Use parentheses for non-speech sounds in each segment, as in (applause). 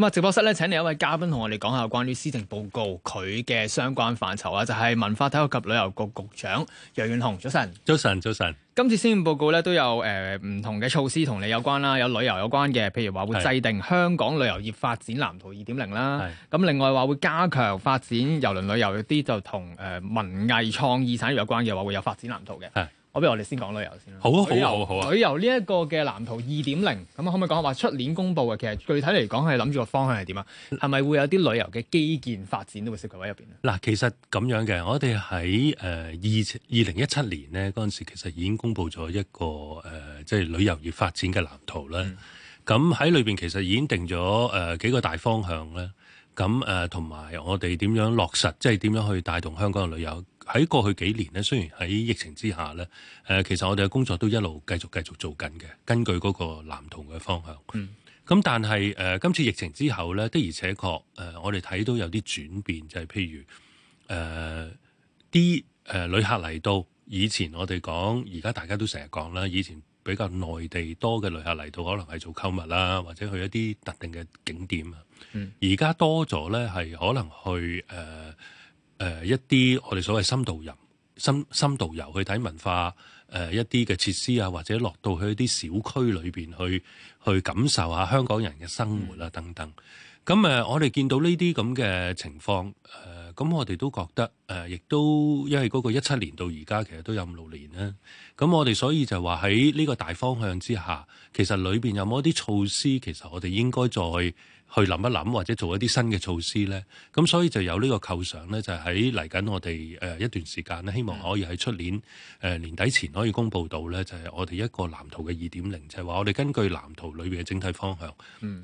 咁啊，直播室咧，請嚟一位嘉賓同我哋講下關於施政報告佢嘅相關範疇啊，就係、是、文化體育及旅遊局局長楊潤雄。早晨，早晨，早晨，早晨。今次施政報告咧都有誒唔、呃、同嘅措施同你有關啦，有旅遊有關嘅，譬如話會制定香港旅遊業發展藍圖二點零啦。咁另外話會加強發展郵輪旅遊，有啲就同誒、呃、文藝創意產業有關嘅，話會有發展藍圖嘅。我俾我哋先講旅遊先啦。好啊，好啊，好啊。旅遊呢一個嘅藍圖二點零，咁可唔可以講話出年公布嘅？其實具體嚟講，係諗住個方向係點啊？係咪會有啲旅遊嘅基建發展都會涉及喺入邊？嗱，其實咁樣嘅，我哋喺誒二二零一七年呢嗰陣時，其實已經公布咗一個誒，即係旅遊業發展嘅藍圖啦。咁喺裏邊其實已經定咗誒、呃、幾個大方向啦。咁誒同埋我哋點樣落實，即係點樣去帶動香港嘅旅遊？喺過去幾年咧，雖然喺疫情之下咧，誒、呃、其實我哋嘅工作都一路繼續繼續做緊嘅，根據嗰個藍圖嘅方向。嗯，咁但係誒、呃、今次疫情之後咧，的而且確誒、呃、我哋睇到有啲轉變，就係、是、譬如誒啲誒旅客嚟到，以前我哋講，而家大家都成日講啦，以前比較內地多嘅旅客嚟到，可能係做購物啦，或者去一啲特定嘅景點啊。而家、嗯、多咗咧，係可能去誒。呃誒、呃、一啲我哋所謂深度遊、深深度遊去睇文化，誒、呃、一啲嘅設施啊，或者落到去一啲小區裏邊去，去感受下香港人嘅生活啦、啊、等等。咁、嗯、誒、呃，我哋見到呢啲咁嘅情況，誒、呃、咁、嗯、我哋都覺得，誒、呃、亦都因為嗰個一七年到而家其實都有五六年啦。咁、嗯、我哋所以就話喺呢個大方向之下，其實裏邊有冇一啲措施，其實我哋應該再去諗一諗或者做一啲新嘅措施呢。咁所以就有呢個構想呢，就係嚟緊我哋誒、呃、一段時間咧，希望可以喺出年誒、呃、年底前可以公佈到呢，就係、是、我哋一個藍圖嘅二點零，就係話我哋根據藍圖裏邊嘅整體方向，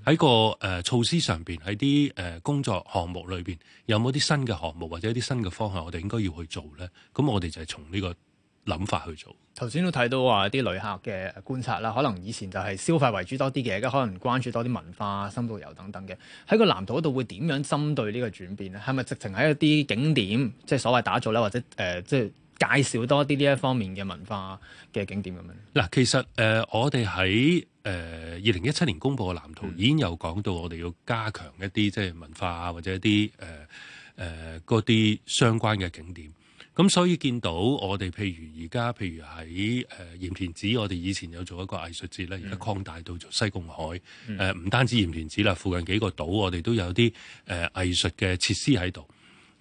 喺個誒、呃、措施上邊，喺啲誒工作項目裏邊，有冇啲新嘅項目或者啲新嘅方向，我哋應該要去做呢？咁我哋就係從呢、這個。諗法去做。頭先都睇到話啲旅客嘅觀察啦，可能以前就係消費為主多啲嘅，而家可能關注多啲文化深度遊等等嘅。喺個藍圖度會點樣針對呢個轉變咧？係咪直情喺一啲景點，即係所謂打造啦，或者誒、呃，即係介紹多啲呢一方面嘅文化嘅景點咁樣？嗱，其實誒、呃，我哋喺誒二零一七年公布嘅藍圖已經有講到，我哋要加強一啲即係文化呀或者一啲誒誒嗰啲相關嘅景點。咁所以見到我哋，譬如而家，譬如喺誒鹽田梓，我哋以前有做一個藝術節咧，而家擴大到做西貢海，誒、嗯、呃、唔單止鹽田梓啦，附近幾個島，我哋都有啲誒、呃、藝術嘅設施喺度。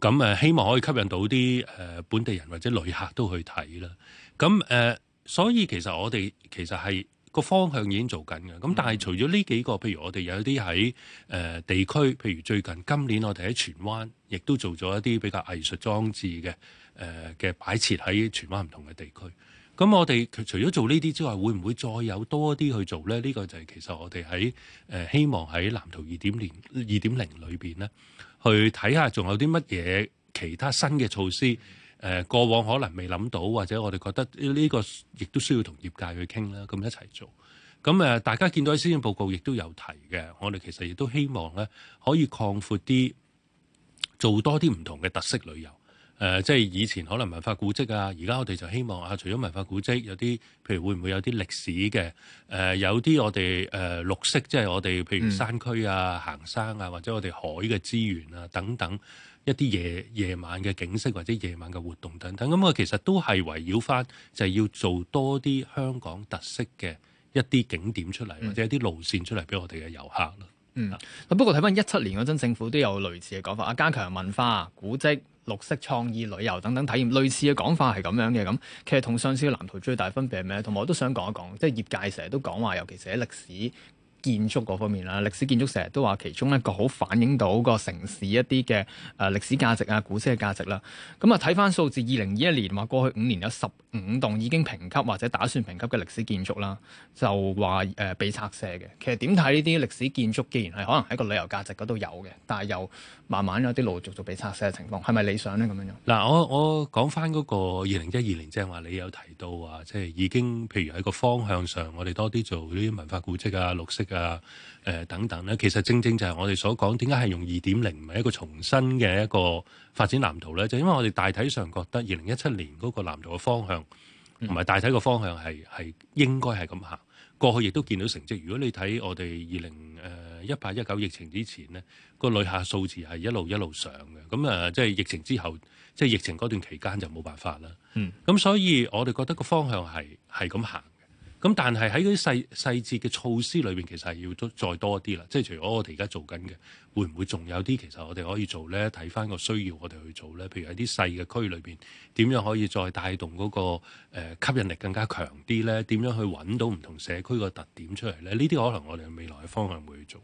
咁、呃、誒希望可以吸引到啲誒、呃、本地人或者旅客都去睇啦。咁、呃、誒，所以其實我哋其實係個方向已經做緊嘅。咁但係除咗呢幾個，譬如我哋有啲喺誒地區，譬如最近今年我哋喺荃灣，亦都做咗一啲比較藝術裝置嘅。誒嘅、呃、擺設喺荃灣唔同嘅地區，咁我哋除咗做呢啲之外，會唔會再有多啲去做呢？呢、呢個就係其實我哋喺誒希望喺藍圖二點零二點零裏邊呢，去睇下仲有啲乜嘢其他新嘅措施，誒、呃、過往可能未諗到，或者我哋覺得呢個亦都需要同業界去傾啦，咁一齊做。咁誒、呃、大家見到喺施政報告亦都有提嘅，我哋其實亦都希望呢，可以擴闊啲，做多啲唔同嘅特色旅遊。誒、呃，即係以前可能文化古蹟啊，而家我哋就希望啊，除咗文化古蹟，有啲譬如會唔會有啲歷史嘅誒、呃，有啲我哋誒、呃、綠色，即係我哋譬如山區啊、行山啊，或者我哋海嘅資源啊等等，一啲夜夜晚嘅景色或者夜晚嘅活動等等，咁啊，其實都係圍繞翻就係要做多啲香港特色嘅一啲景點出嚟，嗯、或者一啲路線出嚟俾我哋嘅遊客咯。嗯，不過睇翻一七年嗰陣政府都有類似嘅講法啊，加強文化古蹟。綠色創意旅遊等等體驗，類似嘅講法係咁樣嘅。咁，其實同上次嘅藍圖最大分別係咩？同埋我都想講一講，即係業界成日都講話，尤其是喺歷史。建築嗰方面啦，歷史建築成日都話其中一個好反映到個城市一啲嘅誒歷史價值啊、古蹟嘅價值啦。咁啊睇翻數字，二零二一年話過去五年有十五棟已經評級或者打算評級嘅歷史建築啦，就話誒、呃、被拆卸嘅。其實點睇呢啲歷史建築，既然係可能喺個旅遊價值嗰度有嘅，但係又慢慢有啲陸陸續續被拆卸嘅情況，係咪理想呢？咁樣樣嗱，我我講翻嗰個二零一二年，即係話你有提到話，即、就、係、是、已經譬如喺個方向上，我哋多啲做啲文化古蹟啊、綠色嘅。誒，誒，啊，呃，等等咧，其實正正就係我哋所講，點解係用二點零，唔係一個重新嘅一個發展藍圖呢？就是因為我哋大體上覺得二零一七年嗰個藍圖嘅方向，同埋大體個方向係係應該係咁行。過去亦都見到成績。如果你睇我哋二零誒一八一九疫情之前呢，個旅客數字係一路一路上嘅。咁啊，即係疫情之後，即係疫情嗰段期間就冇辦法啦。嗯，咁所以我哋覺得個方向係係咁行。咁、嗯、但係喺嗰啲細細節嘅措施裏邊，其實係要再多啲啦。即係除咗我哋而家做緊嘅，會唔會仲有啲其實我哋可以做呢？睇返個需要，我哋去做呢？譬如喺啲細嘅區裏邊，點樣可以再帶動嗰、那個、呃、吸引力更加強啲呢？點樣去揾到唔同社區個特點出嚟呢？呢啲可能我哋未來嘅方向會去做。誒、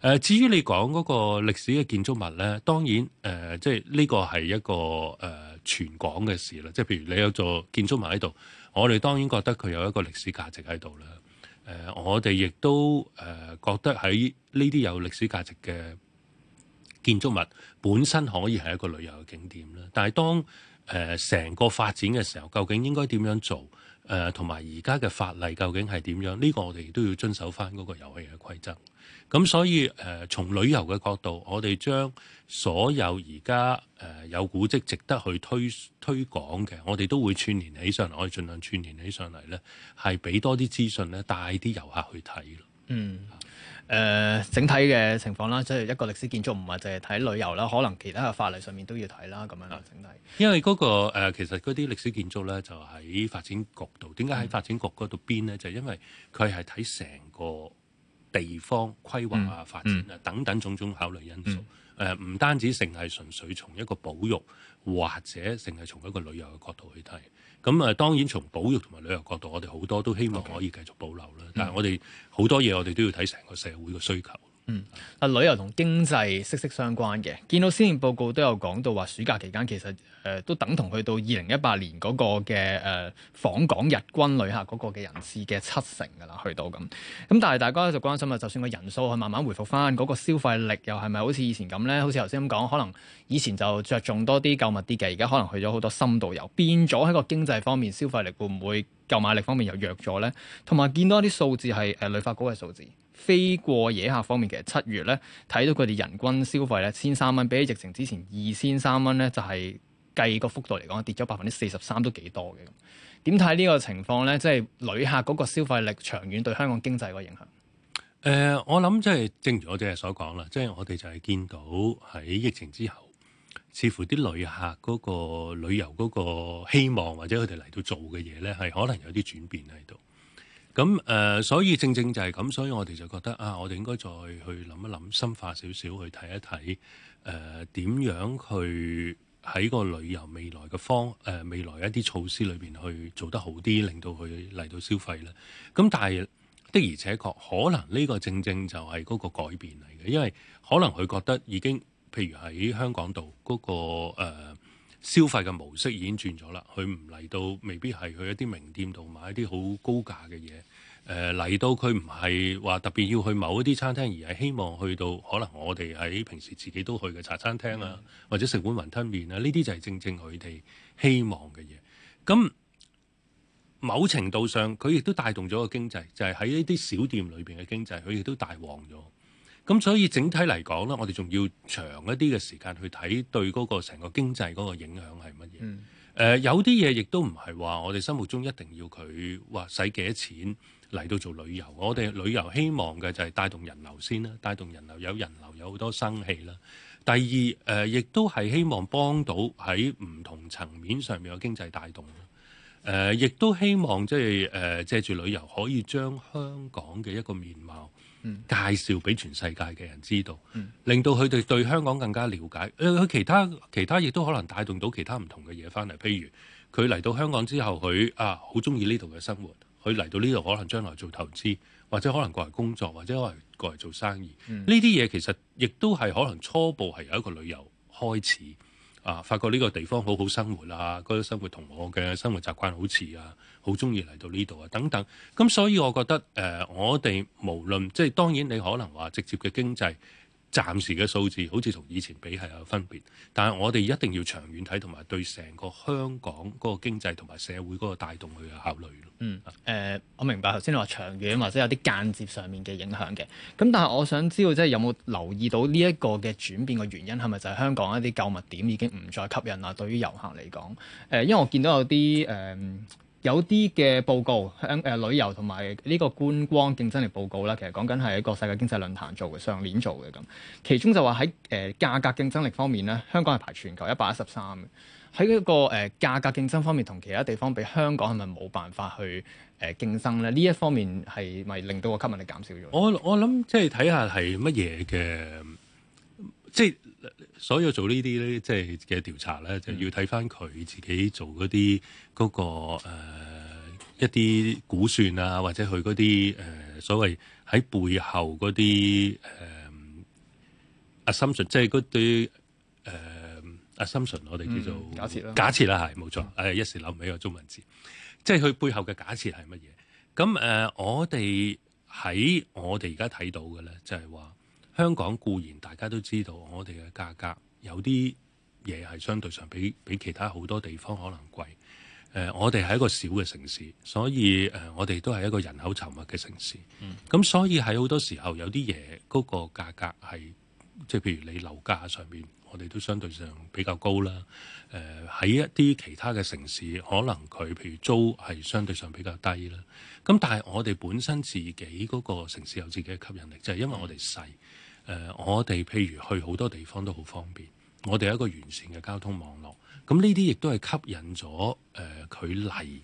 呃，至於你講嗰個歷史嘅建築物呢，當然誒、呃，即係呢個係一個誒、呃、全港嘅事啦。即係譬如你有座建築物喺度。我哋當然覺得佢有一個歷史價值喺度啦。誒、呃，我哋亦都誒、呃、覺得喺呢啲有歷史價值嘅建築物本身可以係一個旅遊嘅景點啦。但係當誒成、呃、個發展嘅時候，究竟應該點樣做？誒、呃，同埋而家嘅法例究竟係點樣？呢、這個我哋都要遵守翻嗰個遊戲嘅規則。咁所以誒、呃，從旅遊嘅角度，我哋將所有而家誒有古蹟值，值得去推推廣嘅，我哋都會串連起上嚟，我哋盡量串連起上嚟咧，係俾多啲資訊咧，帶啲遊客去睇咯。嗯，誒、呃，整體嘅情況啦，即係一個歷史建築唔係淨係睇旅遊啦，可能其他嘅法例上面都要睇啦，咁樣啊，整體。因為嗰、那個、呃、其實嗰啲歷史建築咧，就喺發展局度。點解喺發展局嗰度邊咧？嗯、就因為佢係睇成個。地方規劃啊、發展啊等等種種考慮因素，誒唔、嗯呃、單止淨係純粹從一個保育，或者淨係從一個旅遊嘅角度去睇。咁啊、呃，當然從保育同埋旅遊角度，我哋好多都希望可以繼續保留啦。Okay. 但係我哋好、嗯、多嘢，我哋都要睇成個社會嘅需求。嗯，啊，旅遊同經濟息息相關嘅，見到施政報告都有講到話，暑假期間其實誒、呃、都等同去到二零一八年嗰個嘅誒、呃、訪港日均旅客嗰個嘅人次嘅七成噶啦，去到咁。咁但係大家就關心啊，就算個人數去慢慢回復翻，嗰、那個消費力又係咪好似以前咁咧？好似頭先咁講，可能以前就着重多啲購物啲嘅，而家可能去咗好多深度遊，變咗喺個經濟方面消費力會唔會購買力方面又弱咗咧？同埋見到一啲數字係誒旅發局嘅數字。非過夜客方面，其實七月咧睇到佢哋人均消費咧千三蚊，比起疫情之前二千三蚊咧，就係計個幅度嚟講，跌咗百分之四十三都幾多嘅。點睇呢個情況咧？即係旅客嗰個消費力長遠對香港經濟個影響？誒、呃，我諗即係正如我哋所講啦，即係我哋就係見到喺疫情之後，似乎啲旅客嗰個旅遊嗰個希望，或者佢哋嚟到做嘅嘢咧，係可能有啲轉變喺度。咁誒、呃，所以正正就係咁，所以我哋就覺得啊，我哋應該再去諗一諗，深化少少去睇一睇誒點樣去喺個旅遊未來嘅方誒、呃、未來一啲措施裏邊去做得好啲，令到佢嚟到消費咧。咁但係的而且確可能呢個正正就係嗰個改變嚟嘅，因為可能佢覺得已經譬如喺香港度嗰、嗰個、呃消費嘅模式已經轉咗啦，佢唔嚟到未必係去一啲名店度買一啲好高價嘅嘢，誒、呃、嚟到佢唔係話特別要去某一啲餐廳，而係希望去到可能我哋喺平時自己都去嘅茶餐廳啊，或者食碗雲吞麵啦、啊，呢啲就係正正佢哋希望嘅嘢。咁某程度上，佢亦都帶動咗個經濟，就係、是、喺一啲小店裏邊嘅經濟，佢亦都大旺咗。咁所以整體嚟講咧，我哋仲要長一啲嘅時間去睇對嗰個成個經濟嗰個影響係乜嘢？誒、嗯呃，有啲嘢亦都唔係話我哋心目中一定要佢話使幾多錢嚟到做旅遊，嗯、我哋旅遊希望嘅就係帶動人流先啦、啊，帶動人流，有人流有好多生氣啦、啊。第二誒、呃、亦都係希望幫到喺唔同層面上面嘅經濟帶動、啊。誒，亦、呃、都希望即係誒，借、呃、住旅遊可以將香港嘅一個面貌，介紹俾全世界嘅人知道，嗯、令到佢哋對，對香港更加了解。佢、呃、其他其他亦都可能帶動到其他唔同嘅嘢翻嚟，譬如佢嚟到香港之後，佢啊好中意呢度嘅生活，佢嚟到呢度可能將來做投資，或者可能過嚟工作，或者可能過嚟做生意。呢啲嘢其實亦都係可能初步係由一個旅遊開始。啊！發覺呢個地方好好生活啦、啊，嗰、那、啲、個、生活同我嘅生活習慣好似啊，好中意嚟到呢度啊，等等。咁所以我覺得誒、呃，我哋無論即係當然，你可能話直接嘅經濟。暫時嘅數字好似同以前比係有分別，但係我哋一定要長遠睇，同埋對成個香港嗰個經濟同埋社會嗰個帶動去考慮咯。嗯，誒、呃，我明白頭先你話長遠或者有啲間接上面嘅影響嘅，咁但係我想知道即係有冇留意到呢一個嘅轉變嘅原因係咪就係香港一啲購物點已經唔再吸引啦？對於遊客嚟講，誒、呃，因為我見到有啲誒。呃有啲嘅報告，香、呃呃、旅遊同埋呢個觀光競爭力報告啦，其實講緊係一個世界經濟論壇做嘅，上年做嘅咁。其中就話喺誒價格競爭力方面咧，香港係排全球一百一十三。喺一個誒、呃、價格競爭方面，同其他地方比，香港係咪冇辦法去誒、呃、競爭咧？呢一方面係咪令到個吸引力減少咗？我我諗即係睇下係乜嘢嘅，即係。所有做呢啲咧，即係嘅調查咧，就係、要睇翻佢自己做嗰啲嗰個、呃、一啲估算啊，或者佢嗰啲誒所謂喺背後嗰啲誒、呃、assumption，即係嗰啲、呃、assumption，我哋叫做假設啦，假設啦係冇錯。誒、嗯、一時諗唔起個中文字，即係佢背後嘅假設係乜嘢？咁誒、呃，我哋喺我哋而家睇到嘅咧，就係話。香港固然大家都知道，我哋嘅價格有啲嘢，係相對上比比其他好多地方可能貴。誒、呃，我哋係一個小嘅城市，所以誒、呃，我哋都係一個人口稠密嘅城市。咁、嗯嗯、所以喺好多時候有啲嘢嗰個價格係即係譬如你樓價上邊，我哋都相對上比較高啦。誒、呃，喺一啲其他嘅城市，可能佢譬如租係相對上比較低啦。咁、嗯、但係我哋本身自己嗰個城市有自己嘅吸引力，就係、是、因為我哋細。嗯誒、呃，我哋譬如去好多地方都好方便，我哋有一個完善嘅交通網絡，咁呢啲亦都係吸引咗誒佢嚟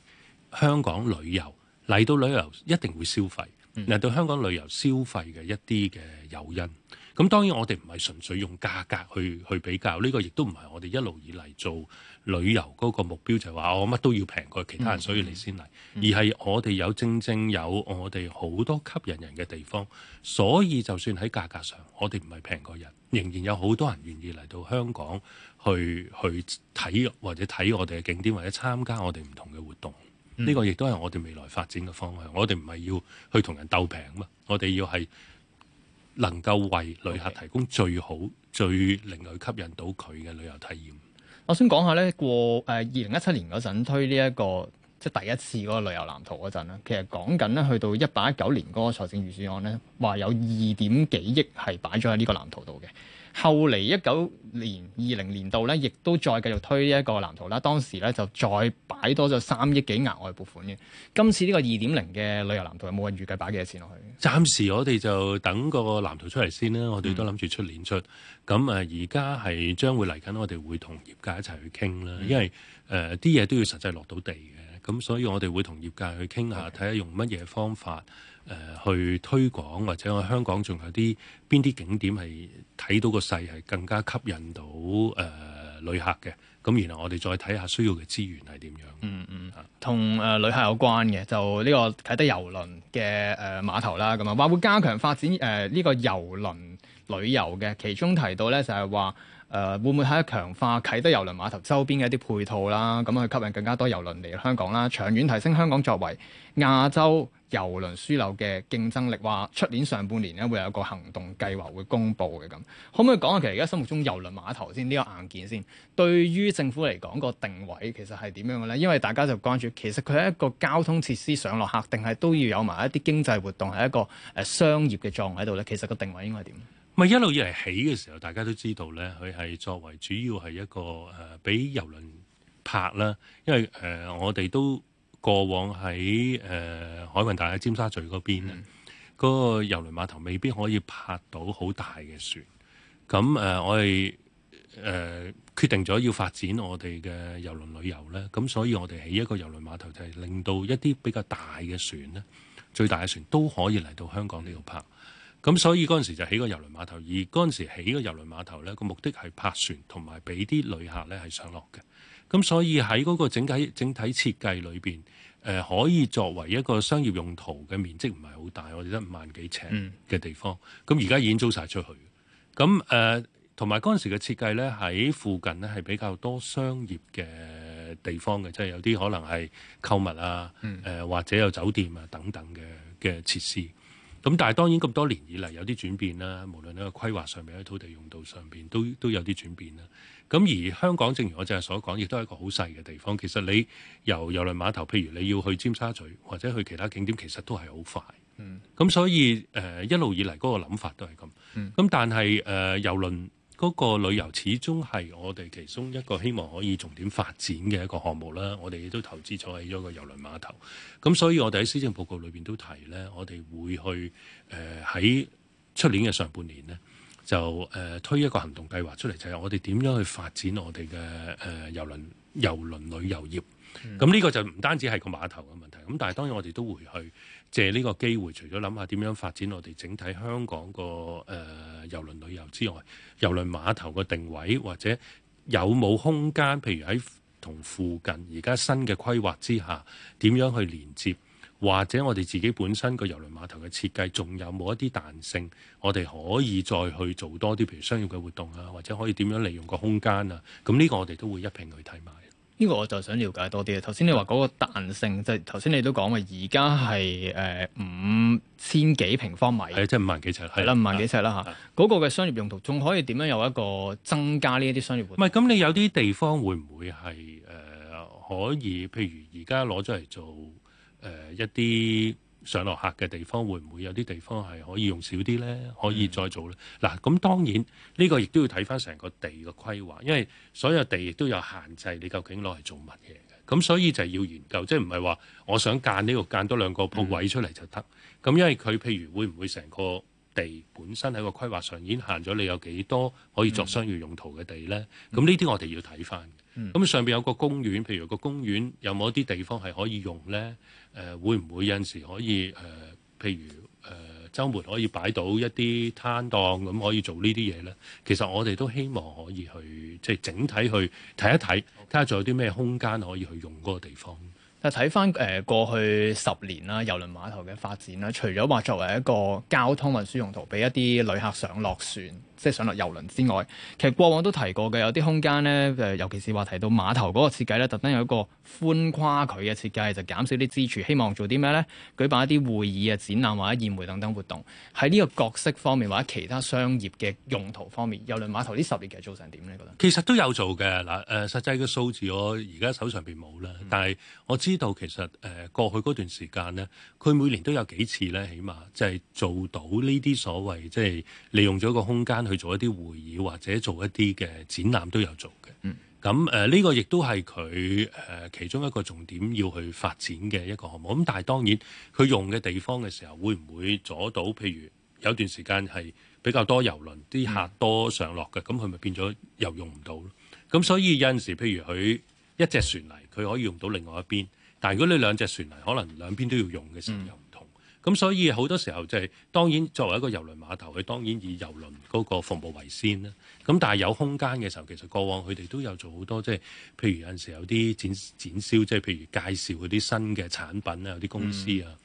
香港旅遊，嚟到旅遊一定會消費，嚟到、嗯、香港旅遊消費嘅一啲嘅誘因。咁當然我哋唔係純粹用價格去去比較，呢個亦都唔係我哋一路以嚟做旅遊嗰個目標，就係話我乜都要平過其他人，嗯、所以你先嚟。嗯、而係我哋有正正有我哋好多吸引人嘅地方，所以就算喺價格上，我哋唔係平過人，仍然有好多人願意嚟到香港去去睇或者睇我哋嘅景點或者參加我哋唔同嘅活動。嗯、呢個亦都係我哋未來發展嘅方向。我哋唔係要去同人鬥平嘛，我哋要係，能夠為旅客提供最好、Okay. 最令佢吸引到佢嘅旅遊體驗。我先講下咧，過誒二零一七年嗰陣推呢、這、一個即係第一次嗰個旅遊藍圖嗰陣，其實講緊咧去到一八一九年嗰個財政預算案咧，話有二點幾億係擺咗喺呢個藍圖度嘅。後嚟一九年、二零年度呢，亦都再繼續推呢一個藍圖啦。當時呢，就再擺多咗三億幾額外撥款嘅。今次呢個二點零嘅旅遊藍圖有冇人預計擺幾多錢落去？暫時我哋就等個藍圖出嚟先啦。我哋都諗住出年出。咁誒而家係將會嚟緊，我哋會同業界一齊去傾啦。因為誒啲嘢都要實際落到地嘅。咁所以我哋會同業界去傾下，睇下的用乜嘢方法。誒、呃、去推廣或者喺香港仲有啲邊啲景點係睇到個勢係更加吸引到誒、呃呃、旅客嘅，咁然後我哋再睇下需要嘅資源係點樣嗯。嗯嗯，同誒、呃、旅客有關嘅就呢、這個睇得遊輪嘅誒碼頭啦，咁啊話會加強發展誒呢、呃這個遊輪旅遊嘅，其中提到咧就係、是、話。誒、呃、會唔會喺強化啟德郵輪碼頭周邊嘅一啲配套啦？咁去吸引更加多郵輪嚟香港啦，長遠提升香港作為亞洲郵輪樞紐嘅競爭力。話出年上半年咧會有一個行動計劃會公布嘅。咁，可唔可以講下其實而家心目中郵輪碼頭先呢、呢個硬件先，對於政府嚟講、個定位其實係點樣嘅咧？因為大家就關注其實佢係一個交通設施上落客，定係都要有埋一啲經濟活動係一個誒商業嘅狀態喺度咧。其實個定位應該係點？咪一路以嚟起嘅時候，大家都知道咧，佢係作為主要係一個誒，俾、呃、郵輪泊啦。因為誒、呃，我哋都過往喺誒、呃、海運大廈，尖沙咀嗰邊啊，嗰、嗯、個郵輪碼頭未必可以泊到好大嘅船。咁誒、呃，我哋誒、呃、決定咗要發展我哋嘅郵輪旅遊咧。咁所以，我哋起一個郵輪碼頭就係令到一啲比較大嘅船咧，最大嘅船都可以嚟到香港呢度泊。嗯咁所以嗰陣時就起個郵輪碼頭，而嗰陣時起個郵輪碼頭呢，個目的係泊船同埋俾啲旅客呢係上落嘅。咁所以喺嗰個整體整體設計裏邊，誒、呃、可以作為一個商業用途嘅面積唔係好大，我哋得五萬幾尺嘅地方。咁而家已經租晒出去。咁誒同埋嗰陣時嘅設計呢，喺附近呢係比較多商業嘅地方嘅，即、就、係、是、有啲可能係購物啊，誒、嗯呃、或者有酒店啊等等嘅嘅設施。咁但係當然咁多年以嚟有啲轉變啦，無論喺個規劃上面、喺土地用途上邊，都都有啲轉變啦。咁而香港正如我就係所講，亦都係一個好細嘅地方。其實你由郵輪碼頭，譬如你要去尖沙咀或者去其他景點，其實都係好快。嗯，咁所以誒、呃、一路以嚟嗰個諗法都係咁。咁、嗯、但係誒郵輪。嗰個旅遊始終係我哋其中一個希望可以重點發展嘅一個項目啦，我哋亦都投資咗喺一個郵輪碼頭。咁所以，我哋喺施政報告裏邊都提呢，我哋會去誒喺出年嘅上半年呢，就誒、呃、推一個行動計劃出嚟，就係、是、我哋點樣去發展我哋嘅誒郵輪郵輪旅遊業。咁呢、嗯、個就唔單止係個碼頭嘅問題，咁但係當然我哋都會去借呢個機會，除咗諗下點樣發展我哋整體香港個誒遊輪旅遊之外，遊輪碼頭個定位或者有冇空間？譬如喺同附近而家新嘅規劃之下，點樣去連接？或者我哋自己本身個遊輪碼頭嘅設計，仲有冇一啲彈性？我哋可以再去做多啲譬如商業嘅活動啊，或者可以點樣利用個空間啊？咁呢個我哋都會一併去睇埋。呢個我就想了解多啲啊！頭先你話嗰個彈性，就係頭先你都講話，而家係誒五千幾平方米，即係五萬幾尺啦，啦對是五萬幾尺啦嚇，嗰、啊、個嘅商業用途仲可以點樣有一個增加呢一啲商業活動？唔係咁，你有啲地方會唔會係誒、呃、可以？譬如而家攞咗嚟做誒、呃、一啲。上落客嘅地方會唔會有啲地方係可以用少啲咧？可以再做咧？嗱、嗯，咁、啊、當然呢、呢個亦都要睇翻成個地嘅規劃，因為所有地亦都有限制，你究竟攞嚟做乜嘢嘅？咁所以就係要研究，即係唔係話我想間呢度間多兩個鋪位出嚟就得？咁、嗯、因為佢譬如會唔會成個地本身喺個規劃上已經限咗你有幾多可以作商業用途嘅地咧？咁呢啲我哋要睇翻。咁、嗯、上邊有個公園，譬如個公園有冇一啲地方係可以用呢？誒、呃，會唔會有陣時可以誒、呃，譬如誒週末可以擺到一啲攤檔咁，可以做呢啲嘢呢？其實我哋都希望可以去，即、就、係、是、整體去睇一睇，睇下仲有啲咩空間可以去用嗰個地方。睇翻誒過去十年啦，郵輪碼頭嘅發展啦，除咗話作為一個交通運輸用途，俾一啲旅客上落船，即係上落郵輪之外，其實過往都提過嘅，有啲空間咧，尤其是話提到碼頭嗰個設計咧，特登有一個寬跨距嘅設計，就是、減少啲支柱，希望做啲咩咧？舉辦一啲會議啊、展覽或者宴會等等活動，喺呢個角色方面或者其他商業嘅用途方面，郵輪碼頭呢十年其實做成點咧？覺得其實都有做嘅嗱，誒、呃、實際嘅數字我而家手上邊冇啦，但係我知。呢度其實誒、呃、過去嗰段時間呢，佢每年都有幾次呢，起碼即係做到呢啲所謂即係、就是、利用咗個空間去做一啲會議或者做一啲嘅展覽都有做嘅。嗯，咁誒呢個亦都係佢誒其中一個重點要去發展嘅一個項目。咁但係當然佢用嘅地方嘅時候，會唔會阻到？譬如有段時間係比較多郵輪啲、嗯、客多上落嘅，咁佢咪變咗又用唔到咯？咁所以有陣時譬如佢一隻船嚟，佢可以用到另外一邊。但如果你兩隻船嚟，可能兩邊都要用嘅時候。嗯咁所以好多時候即係當然作為一個郵輪碼頭，佢當然以郵輪嗰個服務為先啦。咁但係有空間嘅時候，其實過往佢哋都有做好多，即係譬如有陣時有啲展展銷，即係譬如介紹嗰啲新嘅產品啊，有啲公司啊，嗯、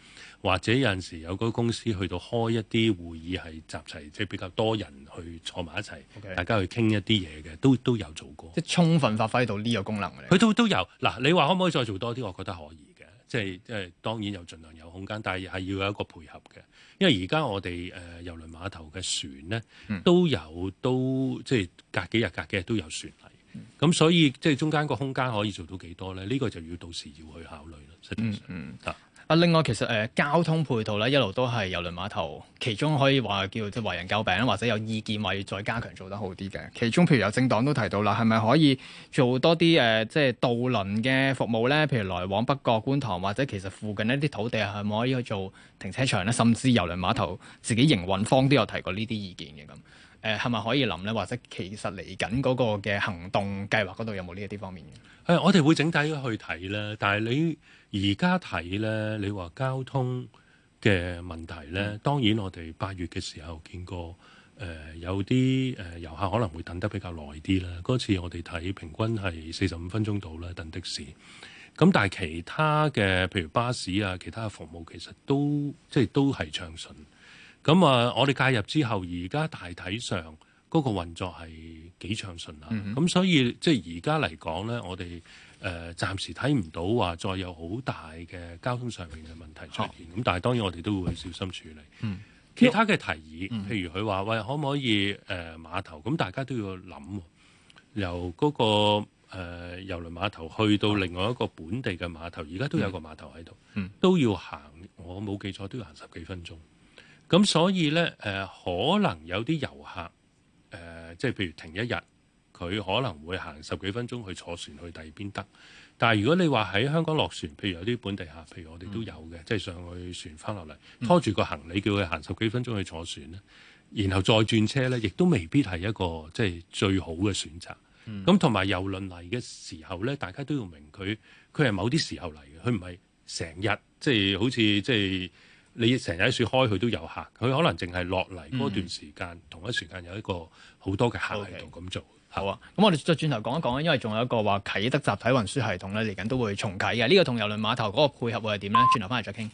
或者有陣時有嗰公司去到開一啲會議係集齊，即係比較多人去坐埋一齊，Okay. 大家去傾一啲嘢嘅，都都有做過，即係充分發揮到呢個功能嘅。佢都都有嗱，你話可唔可以再做多啲？我覺得可以。即係即係當然有盡量有空間，但係係要有一個配合嘅。因為而家我哋誒郵輪碼頭嘅船咧、嗯，都有都即係隔幾日隔幾日都有船嚟。咁、嗯、所以即係、就是、中間個空間可以做到幾多咧？呢、這個就要到時要去考慮啦、嗯。嗯嗯。另外，其實誒、呃、交通配套咧，一路都係郵輪碼頭，其中可以話叫即係為人詬病，或者有意見話要再加強做得好啲嘅。其中譬如有政黨都提到啦，係咪可以做多啲誒、呃、即係渡輪嘅服務咧？譬如來往北角觀塘，或者其實附近一啲土地係咪可以去做停車場咧，甚至郵輪碼頭自己營運方都有提過呢啲意見嘅咁。誒係咪可以諗咧？或者其實嚟緊嗰個嘅行動計劃嗰度有冇呢一啲方面嘅？誒，我哋會整體去睇啦，但係你。而家睇呢，你話交通嘅問題呢，當然我哋八月嘅時候見過，誒、呃、有啲誒、呃、遊客可能會等得比較耐啲啦。嗰次我哋睇平均係四十五分鐘到啦，等的士。咁但係其他嘅，譬如巴士啊，其他嘅服務其實都即係都係暢順。咁啊，我哋介入之後，而家大體上。嗰個運作係幾暢順啊！咁、嗯嗯、所以即係而家嚟講呢，我哋誒、呃、暫時睇唔到話再有好大嘅交通上面嘅問題出現。咁好但係當然我哋都會小心處理。嗯、其他嘅提議，譬如佢話喂，可唔可以誒、呃、碼頭？咁大家都要諗由嗰、那個誒遊、呃、輪碼頭去到另外一個本地嘅碼頭，而家都有個碼頭喺度，嗯、都要行。我冇記錯都要行十幾分鐘。咁所以呢，誒、呃，可能有啲遊客。誒、呃，即係譬如停一日，佢可能會行十幾分鐘去坐船去第二邊得。但係如果你話喺香港落船，譬如有啲本地客，譬如我哋都有嘅，嗯、即係上去船返落嚟，拖住個行李叫佢行十幾分鐘去坐船咧，然後再轉車咧，亦都未必係一個即係最好嘅選擇。咁同埋郵輪嚟嘅時候咧，大家都要明佢，佢係某啲時候嚟嘅，佢唔係成日，即係好似即係。你成日喺樹開，佢都有客。佢可能淨係落嚟嗰段時間，嗯、同一時間有一個好多嘅客系統咁做。Okay. 是好啊，咁我哋再轉頭講一講，因為仲有一個話啟德集體運輸系統咧，嚟緊都會重啟嘅。呢、呢個同郵輪碼頭嗰個配合會係點咧？轉頭翻嚟再傾。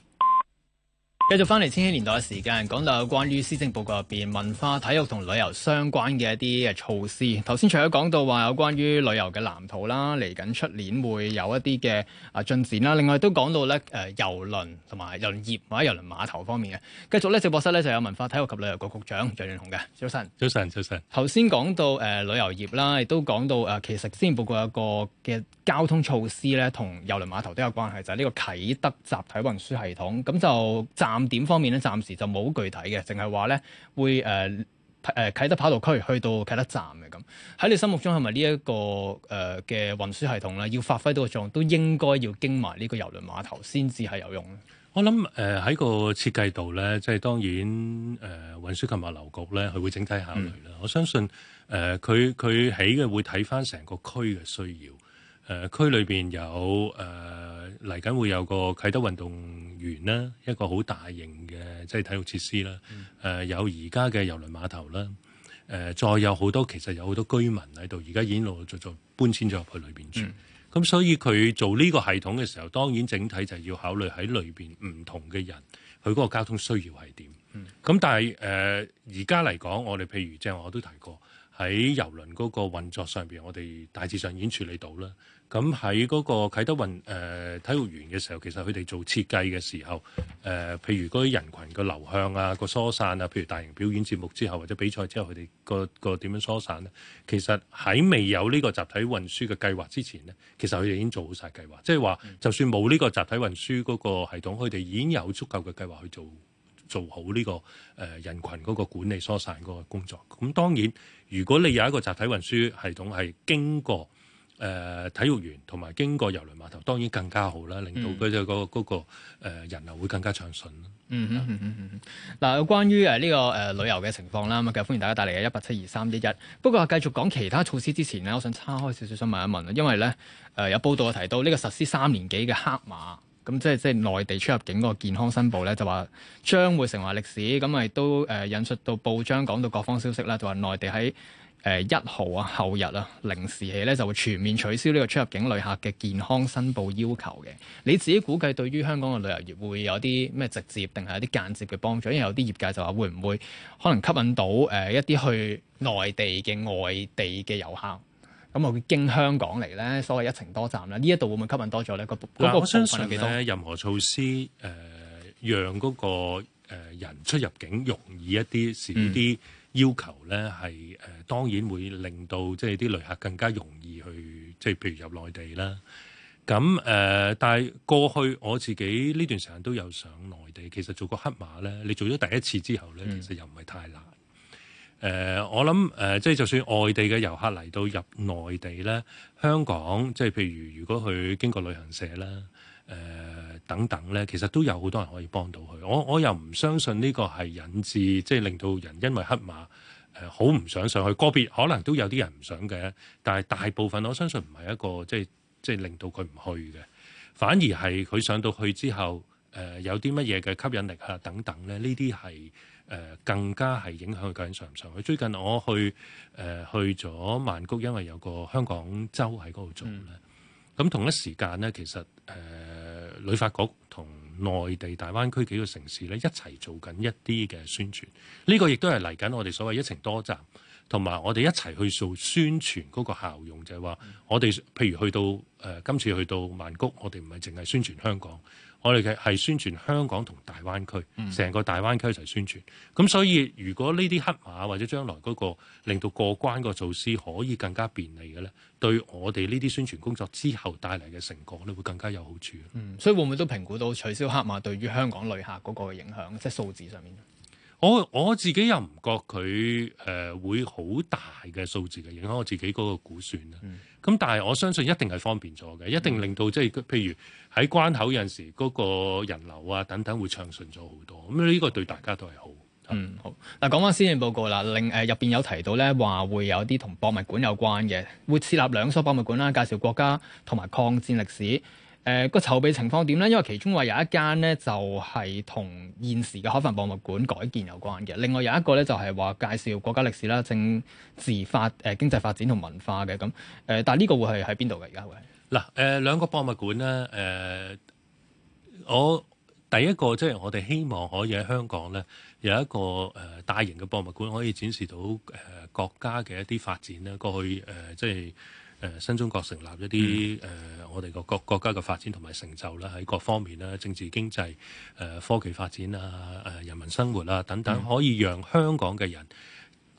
繼續翻嚟千禧年代嘅時間，講到有關於施政報告入邊文化、體育同旅遊相關嘅一啲嘅措施。頭先除咗講到話有關於旅遊嘅藍圖啦，嚟緊出年會有一啲嘅啊進展啦，另外都講到咧誒遊輪同埋遊輪業或者遊輪碼頭方面嘅。繼續咧直播室咧就有文化體育及旅遊局局長楊潤雄嘅，早晨，早晨，早晨。頭先講到誒、呃、旅遊業啦，亦都講到誒、呃、其實施政報告有個嘅交通措施咧，同遊輪碼頭都有關係，就係、是、呢個啟德集體運輸系統，咁就站點方面咧，暫時就冇具體嘅，淨係話咧會誒誒、呃、啟德跑道區去到啟德站嘅咁。喺你心目中係咪呢一個誒嘅、呃、運輸系統咧，要發揮到作用，都應該要經埋呢個郵輪碼頭先至係有用？我諗誒喺個設計度咧，即係當然誒、呃、運輸及物流局咧，佢會整體考慮啦。嗯、我相信誒佢佢起嘅會睇翻成個區嘅需要，誒、呃、區裏邊有誒。呃嚟緊會有個啟德運動園啦，一個好大型嘅即係體育設施啦。誒、嗯呃、有而家嘅郵輪碼頭啦。誒、呃、再有好多其實有好多居民喺度，而家已經陸陸續續搬遷咗入去裏邊住。咁、嗯、所以佢做呢個系統嘅時候，當然整體就要考慮喺裏邊唔同嘅人，佢嗰個交通需要係點。咁、嗯、但係誒而家嚟講，我哋譬如即係、就是、我都提過喺郵輪嗰個運作上邊，我哋大致上已經處理到啦。咁喺嗰個啟德運誒、呃、體育園嘅時候，其實佢哋做設計嘅時候，誒、呃、譬如嗰啲人群嘅流向啊、個疏散啊，譬如大型表演節目之後或者比賽之後，佢哋、個、個點樣疏散呢？其實喺未有呢個集體運輸嘅計劃之前呢，其實佢哋已經做好晒計劃，即係話就算冇呢個集體運輸嗰個系統，佢哋已經有足夠嘅計劃去做做好呢個誒、呃、人群嗰個管理疏散嗰個工作。咁當然，如果你有一個集體運輸系統係經過，誒、呃、體育園同埋經過遊輪碼頭，當然更加好啦，令到佢哋、嗰個嗰個人流會更加暢順。嗯嗯嗯嗯嗯。嗱，關於呢個誒旅遊嘅情況啦，咁啊歡迎大家帶嚟嘅一八七二三一一。不過繼續講其他措施之前呢，我想岔開少少，想問一問，因為咧誒、呃、有報道嘅提到呢、這個實施三年幾嘅黑馬，咁即係即係內地出入境嗰個健康申報咧，就話將會成為歷史，咁亦都誒引述到報章講到各方消息啦，就話內地喺。誒、呃、一號啊，後日啊，零時起咧就會全面取消呢個出入境旅客嘅健康申報要求嘅。你自己估計對於香港嘅旅遊業會有啲咩直接定係一啲間接嘅幫助？因為有啲業界就話會唔會可能吸引到誒、呃、一啲去內地嘅外地嘅遊客，咁啊經香港嚟咧，所謂一程多站啦。呢一度會唔會吸引多咗呢？嗰個嗰個我相信咧，任何措施誒、呃，讓嗰個人出入境容易一啲，少啲、嗯。要求呢係誒、呃、當然會令到即係啲旅客更加容易去即係譬如入內地啦，咁誒、呃、但係過去我自己呢段時間都有上內地，其實做過黑馬呢，你做咗第一次之後呢，其實又唔係太難。誒、嗯呃、我諗誒、呃、即係就算外地嘅遊客嚟到入內地呢，香港即係譬如如果去經過旅行社啦。誒、呃、等等呢，其實都有好多人可以幫到佢。我我又唔相信呢個係引致，即、就、係、是、令到人因為黑馬誒好唔想上去。個別可能都有啲人唔想嘅，但係大部分我相信唔係一個即係即係令到佢唔去嘅，反而係佢上到去之後誒、呃、有啲乜嘢嘅吸引力啊等等呢，呢啲係誒更加係影響佢究竟上唔上去。最近我去誒、呃、去咗曼谷，因為有個香港週喺嗰度做咧。咁、嗯、同一時間呢，其實誒。呃旅發局同內地大灣區幾個城市咧一齊做緊一啲嘅宣傳，呢個亦都係嚟緊我哋所謂一程多站。同埋我哋一齊去做宣傳嗰個效用，就係話，我哋譬如去到誒、呃、今次去到曼谷，我哋唔係淨係宣傳香港，我哋嘅係宣傳香港同大灣區成個大灣區一齊宣傳，咁所以如果呢啲黑馬或者將來嗰個令到過關個措施可以更加便利嘅咧，對我哋呢啲宣傳工作之後帶嚟嘅成果咧，會更加有好處。嗯，所以會唔會都評估到取消黑馬對於香港旅客嗰個影響，即係數字上面？我我自己又唔覺佢誒會好大嘅數字嘅影響，我自己嗰個估算啦。咁、嗯、但係我相信一定係方便咗嘅，一定令到即係譬如喺關口有陣時嗰、那個人流啊等等會暢順咗好多。咁、這、呢個對大家都係好，、嗯、吧好。嗯，好。嗱講翻施政報告啦，令誒入邊有提到咧話會有啲同博物館有關嘅，會設立兩所博物館啦，介紹國家同埋抗戰歷史。誒、呃、那個籌備情況點咧？因為其中話有一間呢，就係、是、同現時嘅海防博物館改建有關嘅。另外有一個咧就係、是、話介紹國家歷史啦、政治發誒、呃、經濟發展同文化嘅咁。誒、呃，但係呢個會係喺邊度嘅而家？嗱，誒、呃、兩個博物館咧，誒、呃、我第一個即係、就是、我哋希望可以喺香港咧有一個誒、呃、大型嘅博物館可以展示到誒、呃、國家嘅一啲發展啦。過去誒即係。呃就是誒新中國成立一啲誒、嗯呃，我哋個國國家嘅發展同埋成就啦，喺各方面啦，政治經濟誒、呃、科技發展啊、誒、呃、人民生活啊等等，可以讓香港嘅人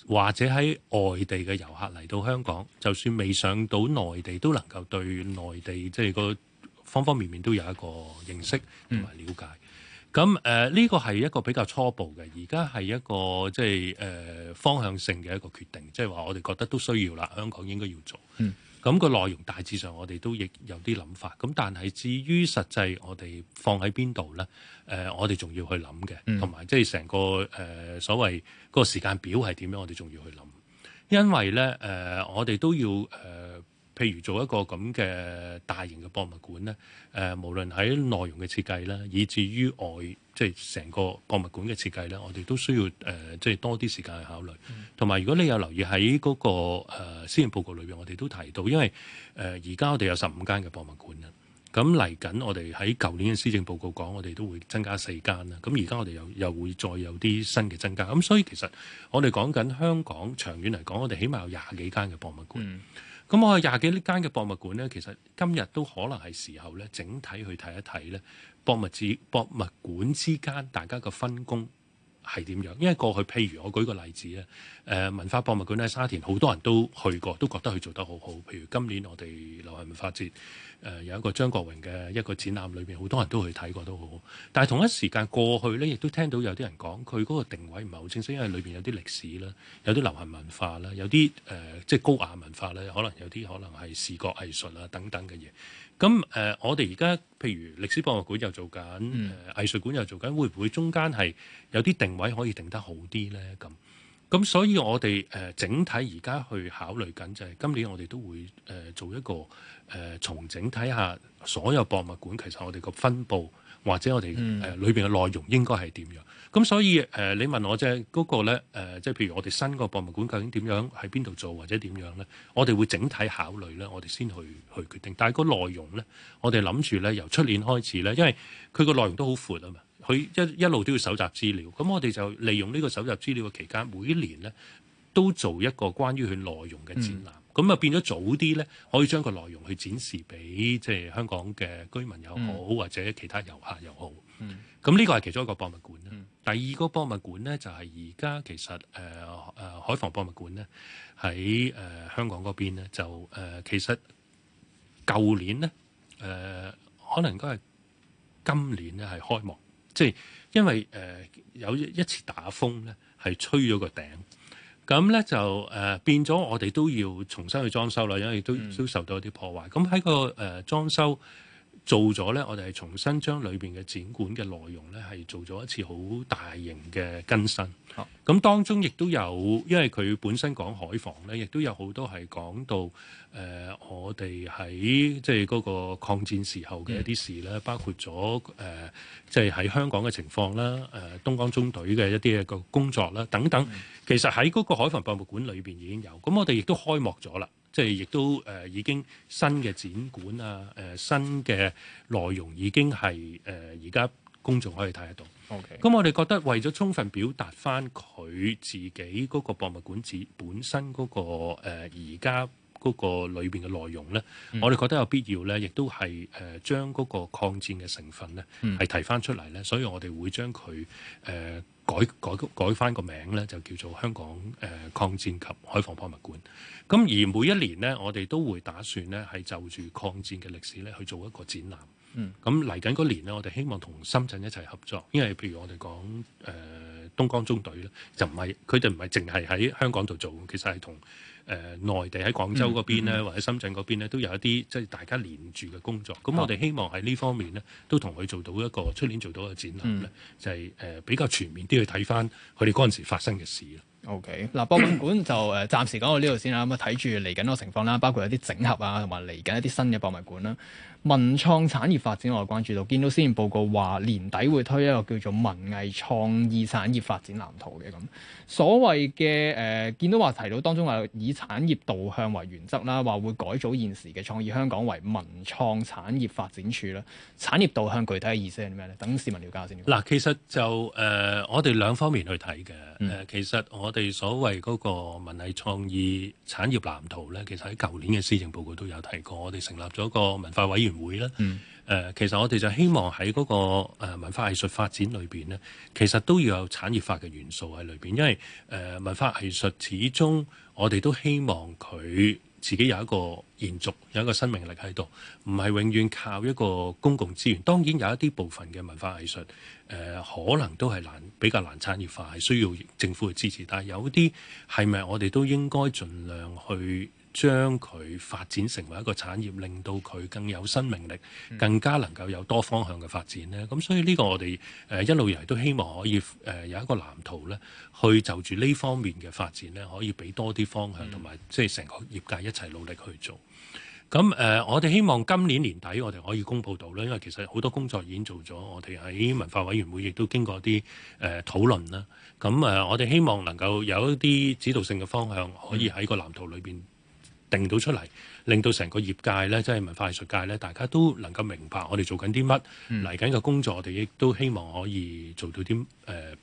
或者喺外地嘅遊客嚟到香港，就算未上到內地，都能夠對內地即係、就是、個方方面面都有一個認識同埋了解。咁誒呢個係一個比較初步嘅，而家係一個即係誒、呃、方向性嘅一個決定，即係話我哋覺得都需要啦，香港應該要做。嗯咁個內容大致上我哋都亦有啲諗法，咁但係至於實際我哋放喺邊度咧？誒、呃，我哋仲要去諗嘅，同埋即係成個誒、呃、所謂個時間表係點樣，我哋仲要去諗，因為咧誒、呃，我哋都要誒。呃譬如做一個咁嘅大型嘅博物館咧，誒、呃，無論喺內容嘅設計啦，以至於外，即係成個博物館嘅設計咧，我哋都需要誒、呃，即係多啲時間去考慮。同埋，如果你有留意喺嗰個誒施政報告裏邊，我哋都提到，因為誒而家我哋有十五間嘅博物館啦。咁嚟緊，我哋喺舊年嘅施政報告講，我哋都會增加四間啦。咁而家我哋又又會再有啲新嘅增加。咁所以其實我哋講緊香港長遠嚟講，我哋起碼有廿幾間嘅博物館。嗯咁我係廿幾呢間嘅博物館呢，其實今日都可能係時候呢，整體去睇一睇呢博物之博物館之間大家嘅分工。係點樣？因為過去，譬如我舉個例子咧，誒、呃、文化博物館喺沙田，好多人都去過，都覺得佢做得好好。譬如今年我哋流行文化節，誒、呃、有一個張國榮嘅一個展覽裏邊，好多人都去睇過，都好好。但係同一時間過去咧，亦都聽到有啲人講佢嗰個定位唔係好清晰，因為裏邊有啲歷史啦，有啲流行文化啦，有啲誒即係高雅文化啦，可能有啲可能係視覺藝術啊等等嘅嘢。咁誒，我哋而家譬如歷史博物館又做緊，誒、嗯呃、藝術館又做緊，會唔會中間係有啲定位可以定得好啲呢？咁咁，所以我哋誒、呃、整體而家去考慮緊就係、是、今年我哋都會誒、呃、做一個誒、呃、重整，睇下所有博物館，其實我哋個分佈或者我哋誒裏邊嘅內容應該係點樣？咁所以誒、呃，你問我就係嗰個咧誒、呃，即係譬如我哋新個博物館究竟點樣喺邊度做或者點樣咧？我哋會整體考慮咧，我哋先去去決定。但係個內容咧，我哋諗住咧由出年開始咧，因為佢個內容都好闊啊嘛，佢一一路都要搜集資料。咁我哋就利用呢個搜集資料嘅期間，每一年咧都做一個關於佢內容嘅展覽。咁啊、嗯、變咗早啲咧，可以將個內容去展示俾即係香港嘅居民又好、嗯、或者其他遊客又好。咁呢、嗯、個係其中一個博物館。第二個博物館咧，就係而家其實誒誒、呃、海防博物館咧，喺誒、呃、香港嗰邊咧，就誒、呃、其實舊年咧誒、呃、可能都係今年咧係開幕，即係因為誒、呃、有一次打風咧，係吹咗個頂，咁咧就誒、呃、變咗我哋都要重新去裝修啦，因為都都受到一啲破壞。咁喺、嗯個誒裝、呃、修。做咗呢，我哋係重新將裏邊嘅展館嘅內容呢，係做咗一次好大型嘅更新。咁好當中亦都有，因為佢本身講海防呢，亦都有好多係講到誒、呃，我哋喺即係嗰個抗戰時候嘅一啲事呢，嗯、包括咗誒，即係喺香港嘅情況啦，誒、呃、東江中隊嘅一啲嘅工作啦等等。嗯、其實喺嗰個海防博物館裏邊已經有，咁我哋亦都開幕咗啦。即係亦都誒、呃、已經新嘅展館啊，誒、呃、新嘅內容已經係誒而家公眾可以睇得到。OK 咁我哋覺得為咗充分表達翻佢自己嗰個博物館自本身嗰、嗰個誒而家。呃嗰個裏邊嘅內容呢，嗯、我哋覺得有必要呢，亦都係誒將嗰個抗戰嘅成分呢係、嗯、提翻出嚟呢。所以我哋會將佢誒改改改翻個名呢，就叫做香港誒、呃、抗戰及海防博物館。咁、嗯、而每一年呢，我哋都會打算呢係就住抗戰嘅歷史呢去做一個展覽。嗯，咁嚟緊嗰年呢，我哋希望同深圳一齊合作，因為譬如我哋講誒。呃東江縱隊咧就唔係佢哋唔係淨係喺香港度做，其實係同誒內地喺廣州嗰邊咧，或者深圳嗰邊咧，都有一啲即係大家連住嘅工作。咁、嗯、我哋希望喺呢方面咧，都同佢做到一個出年做到嘅展覽咧，嗯、就係、是、誒、呃、比較全面啲去睇翻佢哋嗰陣時發生嘅事咯。OK，嗱博物館就誒、呃、暫時講到呢度先啊，咁啊睇住嚟緊個情況啦，包括有啲整合啊，同埋嚟緊一啲新嘅博物館啦。文創產業發展我關注到，見到施政報告話年底會推一個叫做文藝創意產業發展藍圖嘅咁，所謂嘅誒、呃，見到話提到當中話以產業導向為原則啦，話會改組現時嘅創意香港為文創產業發展處啦。產業導向具體嘅意思係咩呢？等市民了解先。嗱，其實就誒、呃，我哋兩方面去睇嘅誒，其實我哋所謂嗰個文藝創意產業藍圖呢，其實喺舊年嘅施政報告都有提過，我哋成立咗個文化委員。會、嗯、啦，誒，其實我哋就希望喺嗰個文化藝術發展裏邊咧，其實都要有產業化嘅元素喺裏邊，因為誒文化藝術始終我哋都希望佢自己有一個延續，有一個生命力喺度，唔係永遠靠一個公共資源。當然有一啲部分嘅文化藝術誒、呃，可能都係難比較難產業化，係需要政府嘅支持。但係有啲係咪我哋都應該盡量去，將佢發展成為一個產業，令到佢更有生命力，更加能夠有多方向嘅發展呢，咁所以呢個我哋誒、呃、一路以嚟都希望可以誒、呃、有一個藍圖呢，去就住呢方面嘅發展呢，可以俾多啲方向同埋，即係成個業界一齊努力去做。咁誒、呃，我哋希望今年年底我哋可以公佈到啦，因為其實好多工作已經做咗，我哋喺文化委員會亦都經過啲誒討論啦。咁、呃、誒、呃，我哋希望能夠有一啲指導性嘅方向，可以喺個藍圖裏邊。定到出嚟，令到成個業界咧，即係文化藝術界咧，大家都能夠明白我哋做緊啲乜嚟緊嘅工作，我哋亦都希望可以做到啲誒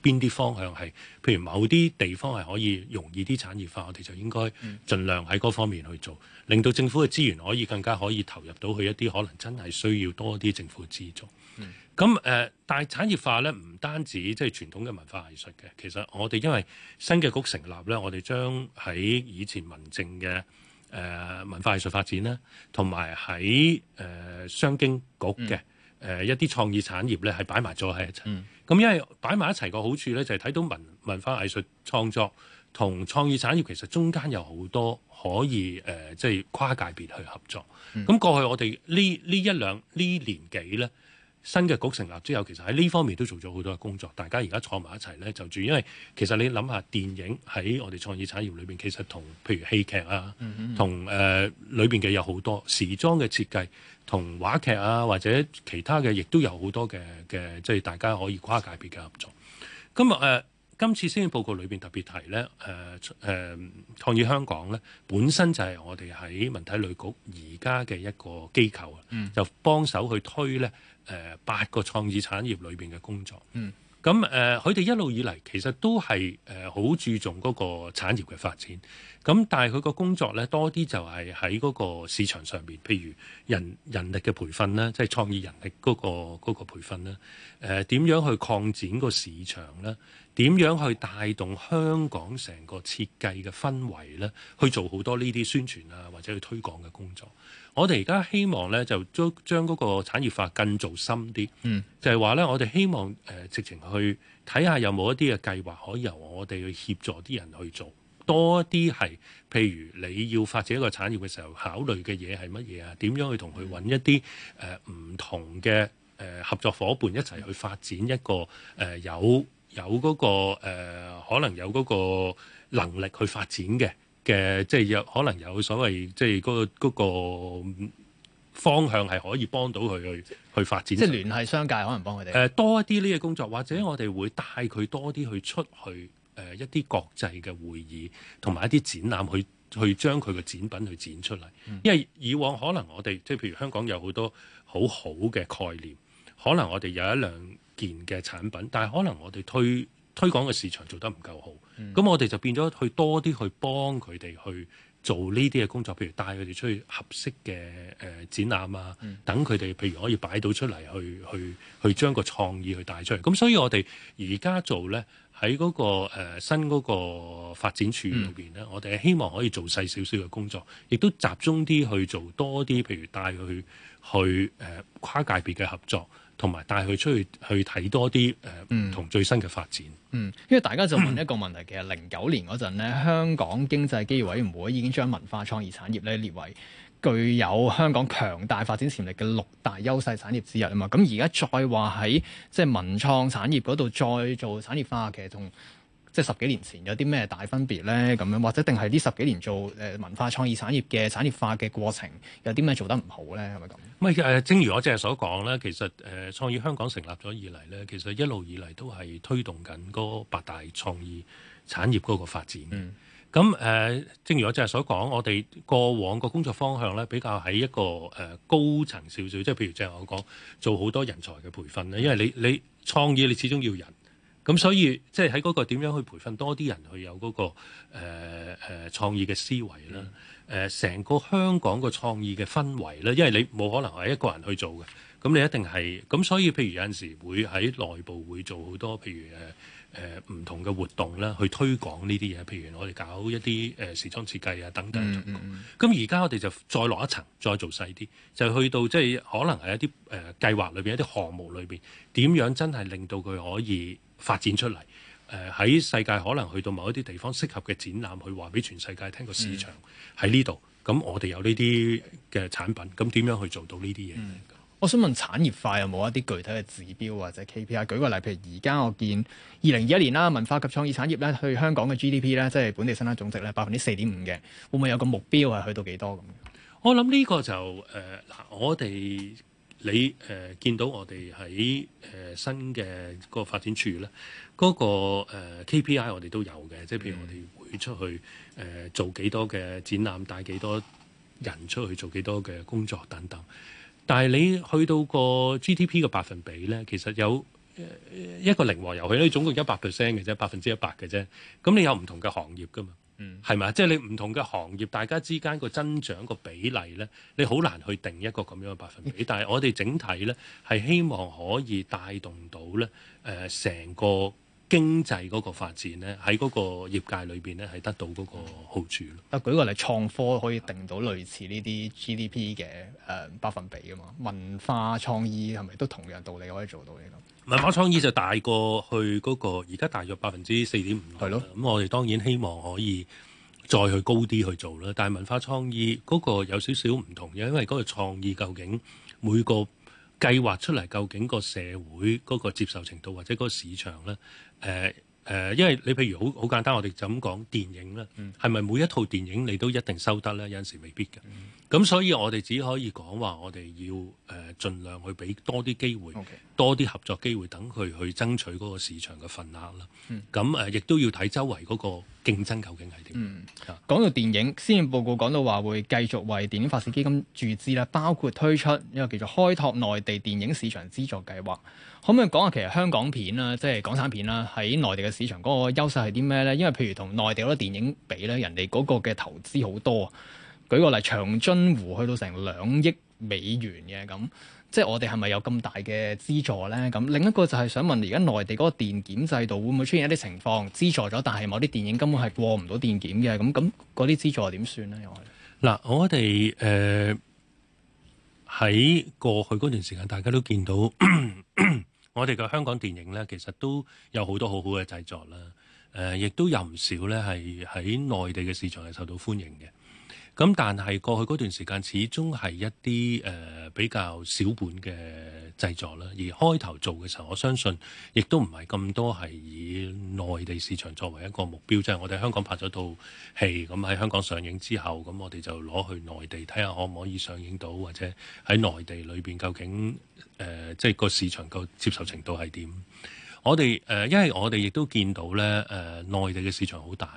邊啲方向係，譬如某啲地方係可以容易啲產業化，我哋就應該盡量喺嗰方面去做，令到政府嘅資源可以更加可以投入到去一啲可能真係需要多啲政府資助。咁誒，嗯呃，但係產業化咧，唔單止即係傳統嘅文化藝術嘅，其實我哋因為新嘅局成立咧，我哋將喺以前民政嘅。誒、呃、文化藝術發展啦，同埋喺誒商經局嘅誒、嗯呃、一啲創意產業咧，係擺埋咗喺一齊。咁因為擺埋一齊個好處咧，就係睇到文文化藝術創作同創意產業其實中間有好多可以誒，即、呃、係、就是、跨界別去合作。咁、嗯、過去我哋呢呢一兩一年呢年幾咧，新嘅局成立之後，其實喺呢方面都做咗好多嘅工作。大家而家坐埋一齊呢，就住因為其實你諗下，電影喺我哋創意產業裏邊，其實同譬如戲劇啊，同誒裏邊嘅有好多時裝嘅設計，同話劇啊或者其他嘅，亦都有好多嘅嘅，即係大家可以跨界別嘅合作。今日，呃，今次施政報告裏邊特別提呢，誒誒，創意香港呢本身就係我哋喺文體旅局而家嘅一個機構，嗯、就幫手去推呢。誒、呃、八個創意產業裏邊嘅工作，嗯，咁誒佢哋一路以嚟其實都係誒好注重嗰個產業嘅發展。咁但係佢個工作咧，多啲就係喺嗰個市場上面，譬如人人力嘅培訓啦，即係創意人力嗰、嗰個嗰、嗰個培訓啦，誒、呃、點樣去擴展個市場咧？點樣去帶動香港成個設計嘅氛圍咧？去做好多呢啲宣傳啊，或者去推廣嘅工作。我哋而家希望咧，就將將個產業化更做深啲，嗯，就係話咧，我哋希望誒、呃、直情去睇下有冇一啲嘅計劃可以由我哋去協助啲人去做。多一啲係譬如你要發展一個產業嘅時候，考慮嘅嘢係乜嘢啊？點樣去、呃、同佢揾一啲誒唔同嘅誒合作夥伴一齊去發展一個誒、呃、有有嗰、嗰個誒、呃、可能有嗰個能力去發展嘅嘅，即係有可能有所謂即係嗰、嗰個嗰、嗰個方向係可以幫到佢去去發展。即係聯繫商界可能幫佢哋。誒、呃、多一啲呢個工作，或者我哋會帶佢多啲去出去。誒、呃、一啲國際嘅會議同埋一啲展覽去，去去將佢嘅展品去展出嚟。嗯、因為以往可能我哋，即係譬如香港有好多好好嘅概念，可能我哋有一兩件嘅產品，但係可能我哋推推廣嘅市場做得唔夠好。咁、嗯、我哋就變咗去多啲去幫佢哋去做呢啲嘅工作，譬如帶佢哋出去合適嘅誒、呃、展覽啊，等佢哋譬如可以擺到出嚟，去去去將個創意去帶出嚟。咁所以我哋而家做咧。喺嗰、那個、呃、新嗰個發展處裏邊呢，我哋希望可以做細少少嘅工作，亦都集中啲去做多啲，譬如帶佢去誒、呃、跨界別嘅合作，同埋帶佢出去去睇多啲誒同最新嘅發展。嗯，因為大家就問一個問題，其實，零九、嗯、年嗰陣咧，香港經濟機遇委員會已經將文化創意產業咧列為。具有香港強大發展潛力嘅六大優勢產業之一啊嘛，咁而家再話喺即係文創產業嗰度再做產業化，其實同即係十幾年前有啲咩大分別咧？咁樣或者定係呢十幾年做誒文化創意產業嘅產業化嘅過程有啲咩做得唔好咧？係咪咁？唔係誒，正如我即係所講咧，其實誒創意香港成立咗以嚟咧，其實一路以嚟都係推動緊嗰八大創意產業嗰個發展。嗯咁誒、呃，正如我就係所講，我哋過往個工作方向咧，比較喺一個誒、呃、高層少少，即係譬如正係我講，做好多人才嘅培訓咧，因為你你創意你始終要人，咁所以即係喺嗰個點樣去培訓多啲人去有嗰、那個誒誒、呃、創意嘅思維啦，誒、呃、成個香港個創意嘅氛圍咧，因為你冇可能係一個人去做嘅，咁你一定係，咁所以譬如有陣時會喺內部會做好多，譬如誒、呃誒、呃、唔同嘅活動啦，去推廣呢啲嘢，譬如我哋搞一啲誒、呃、時裝設計啊等等。咁而家我哋就再落一層，再做細啲，就去到即係可能係一啲誒、呃、計劃裏邊、一啲項目裏邊，點樣真係令到佢可以發展出嚟？誒、呃、喺世界可能去到某一啲地方適合嘅展覽，去話俾全世界聽個市場喺呢度。咁、mm hmm. 我哋有呢啲嘅產品，咁點樣去做到呢啲嘢？Mm hmm. 我想問產業化有冇一啲具體嘅指標或者 KPI？舉個例，譬如而家我見二零二一年啦，文化及創意產業咧，去香港嘅 GDP 咧，即係本地生產總值咧，百分之四點五嘅，會唔會有個目標係去到幾多咁、呃？我諗呢個就誒，嗱，我哋你誒見到我哋喺誒新嘅個發展處咧，嗰、那個誒、呃、KPI 我哋都有嘅，即係譬如我哋會出去誒、呃、做幾多嘅展覽，帶幾多人出去做幾多嘅工作等等。但係你去到個 GDP 嘅百分比咧，其實有一個零和遊戲咧，總共一百 percent 嘅啫，百分之一百嘅啫。咁你有唔同嘅行業噶嘛？嗯，係咪？即係你唔同嘅行業，大家之間個增長個比例咧，你好難去定一個咁樣嘅百分比。嗯、但係我哋整體咧，係希望可以帶動到咧誒成個經濟嗰個發展呢，喺嗰個業界裏邊呢，係得到嗰個好處咯。啊、嗯，舉個例，創科可以定到類似呢啲 GDP 嘅誒、呃、百分比啊嘛，文化創意係咪都同樣道理可以做到呢個？文化創意就大過去嗰個，而家大約百分之四點五，係咯。咁的、嗯、我哋當然希望可以再去高啲去做啦。但係文化創意嗰個有少少唔同嘅，因為嗰個創意究竟每個。計劃出嚟，究竟個社會、嗰個接受程度，或者嗰個市場咧？誒、呃。誒，因為你譬如好好簡單，我哋就咁講電影啦，係咪、嗯、每一套電影你都一定收得咧？有陣時未必嘅。咁、嗯、所以我哋只可以講話，我哋要誒盡量去俾多啲機會，Okay. 多啲合作機會，等佢去爭取嗰個市場嘅份額啦。咁誒、嗯，亦都要睇周圍嗰個競爭究竟係點。講、嗯、到電影，先報告講到話會繼續為電影發展基金注資啦，包括推出一個叫做開拓內地電影市場資助計劃。可唔可以講下其實香港片啦，即係港產片啦，喺內地嘅市場嗰個優勢係啲咩咧？因為譬如同內地好多電影比咧，人哋嗰個嘅投資好多。舉個例，長津湖去到成兩億美元嘅咁，即係我哋係咪有咁大嘅資助咧？咁另一個就係想問，而家內地嗰個電檢制度會唔會出現一啲情況？資助咗，但係某啲電影根本係過唔到電檢嘅咁，咁嗰啲資助點算咧？又嗱，我哋誒喺過去嗰段時間，大家都見到。 (coughs) 我哋嘅香港電影咧，其實都有好多好好嘅製作啦，誒、呃，亦都有唔少咧係喺內地嘅市場係受到歡迎嘅。咁、嗯、但係過去嗰段時間，始終係一啲誒、呃、比較小本嘅製作啦。而開頭做嘅時候，我相信亦都唔係咁多係以內地市場作為一個目標，即係我哋香港拍咗套戲，咁、嗯、喺香港上映之後，咁、嗯、我哋就攞去內地睇下可唔可以上映到，或者喺內地裏邊究竟誒即係個市場個接受程度係點？我哋誒、呃、因為我哋亦都見到咧誒、呃、內地嘅市場好大。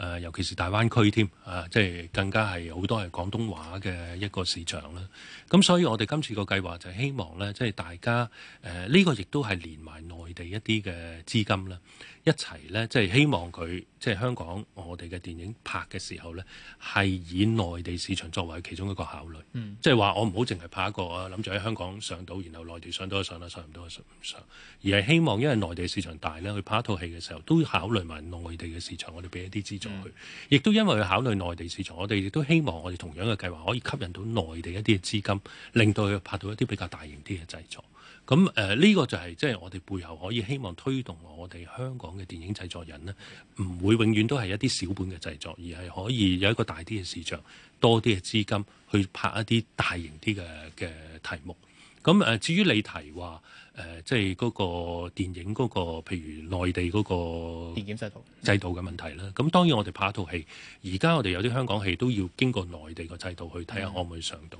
誒、呃，尤其是大灣區添，啊，即係更加係好多係廣東話嘅一個市場啦。咁、啊、所以，我哋今次個計劃就係希望呢即係大家誒，呢、呃呢個亦都係連埋內地一啲嘅資金啦，啊一齊呢，即係希望佢即係香港我哋嘅電影拍嘅時候呢，係以內地市場作為其中一個考慮。即係話我唔好淨係拍一個，我諗住喺香港上到，然後內地上到上啦，上唔到上唔上。而係希望因為內地市場大呢，去拍一套戲嘅時候都要考慮埋內地嘅市場，我哋俾一啲資助佢。亦都、嗯、因為佢考慮內地市場，我哋亦都希望我哋同樣嘅計劃可以吸引到內地一啲嘅資金，令到佢拍到一啲比較大型啲嘅製作。咁誒呢個就係即係我哋背後可以希望推動我哋香港嘅電影製作人呢，唔會永遠都係一啲小本嘅製作，而係可以有一個大啲嘅市場、多啲嘅資金去拍一啲大型啲嘅嘅題目。咁誒，至於你提話誒，即係嗰個電影嗰、個，譬如內地嗰個電影制度制度嘅問題啦。咁當然我哋拍一套戲，而家我哋有啲香港戲都要經過內地個制度去睇下可唔可以上到。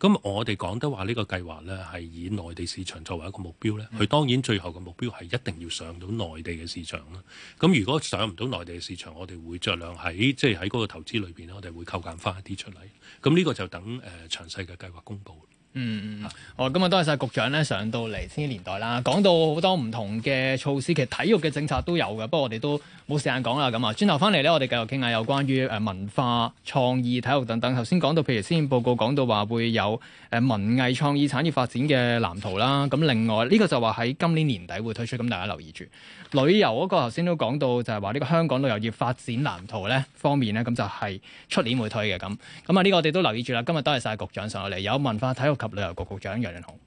咁我哋講得話呢個計劃呢，係以內地市場作為一個目標呢，佢當然最後嘅目標係一定要上到內地嘅市場啦。咁如果上唔到內地嘅市場，我哋會酌量喺即係喺嗰個投資裏邊咧，我哋會扣減返一啲出嚟。咁呢個就等誒、呃、詳細嘅計劃公布嗯。嗯嗯嗯。哦，今日多謝曬局長咧，上到嚟先年代啦。講到好多唔同嘅措施，其實體育嘅政策都有嘅，不過我哋都。冇時間講啦，咁啊，轉頭翻嚟咧，我哋繼續傾下有關於誒文化創意體育等等。頭先講到，譬如先報告講到話會有誒文藝創意,創意產業發展嘅藍圖啦。咁另外呢個就話喺今年年底會推出，咁大家留意住。旅遊嗰個頭先都講到就係話呢個香港旅遊業發展藍圖咧方面咧，咁就係出年會推嘅咁。咁啊呢個我哋都留意住啦。今日多謝晒局長上落嚟，有文化體育及旅遊局局,局長楊潤雄。